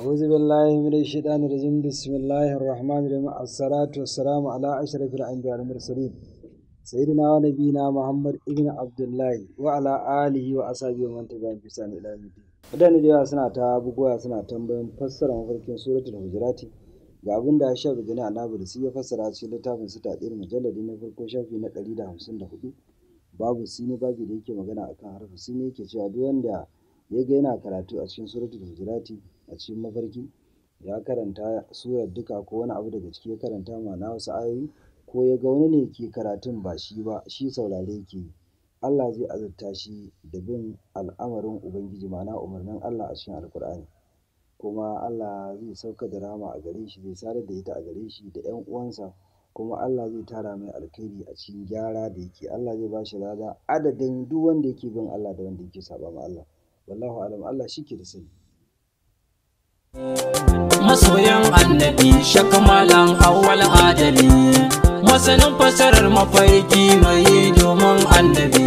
أعوذ بالله من الشيطان الرجيم بسم الله الرحمن الرحيم الصلاة والسلام على أشرف الأنبياء والمرسلين سيدنا ونبينا محمد ابن عبد الله وعلى آله وأصحابه ومن تبعهم بإحسان إلى يوم الدين wadanda da yawa suna ta bugowa suna tambayin fassara mafarkin suratul hujurati ga abinda ya Hashab da Gani Annabi su ya fassara cikin littafin su tadir mujalladi na farko shafi na 154 babu Sini babu da yake magana akan harfi sine yake cewa duk wanda ya ga yana karatu a cikin suratul hujurati a cikin mafarki ya karanta surar duka ko wani abu daga ciki ya karanta ma'ana wasu ayoyi ko ya ga wani ne ke karatun ba shi ba shi saurare yake Allah zai azurta shi da bin al'amarin Ubangiji ma'ana umarnin Allah a cikin Alkur'ani kuma Allah zai sauka da rama a gare shi zai sadar da ita a gare shi da 'yan uwansa kuma Allah zai tara mai alkhairi a cikin gyara da yake Allah zai ba shi lada adadin duk wanda yake bin Allah da wanda yake saba ma Allah wallahu alam Allah shi ke da sani masoyan annabi shakamalan awwal adali masanin fasarar mafarki mai domin annabi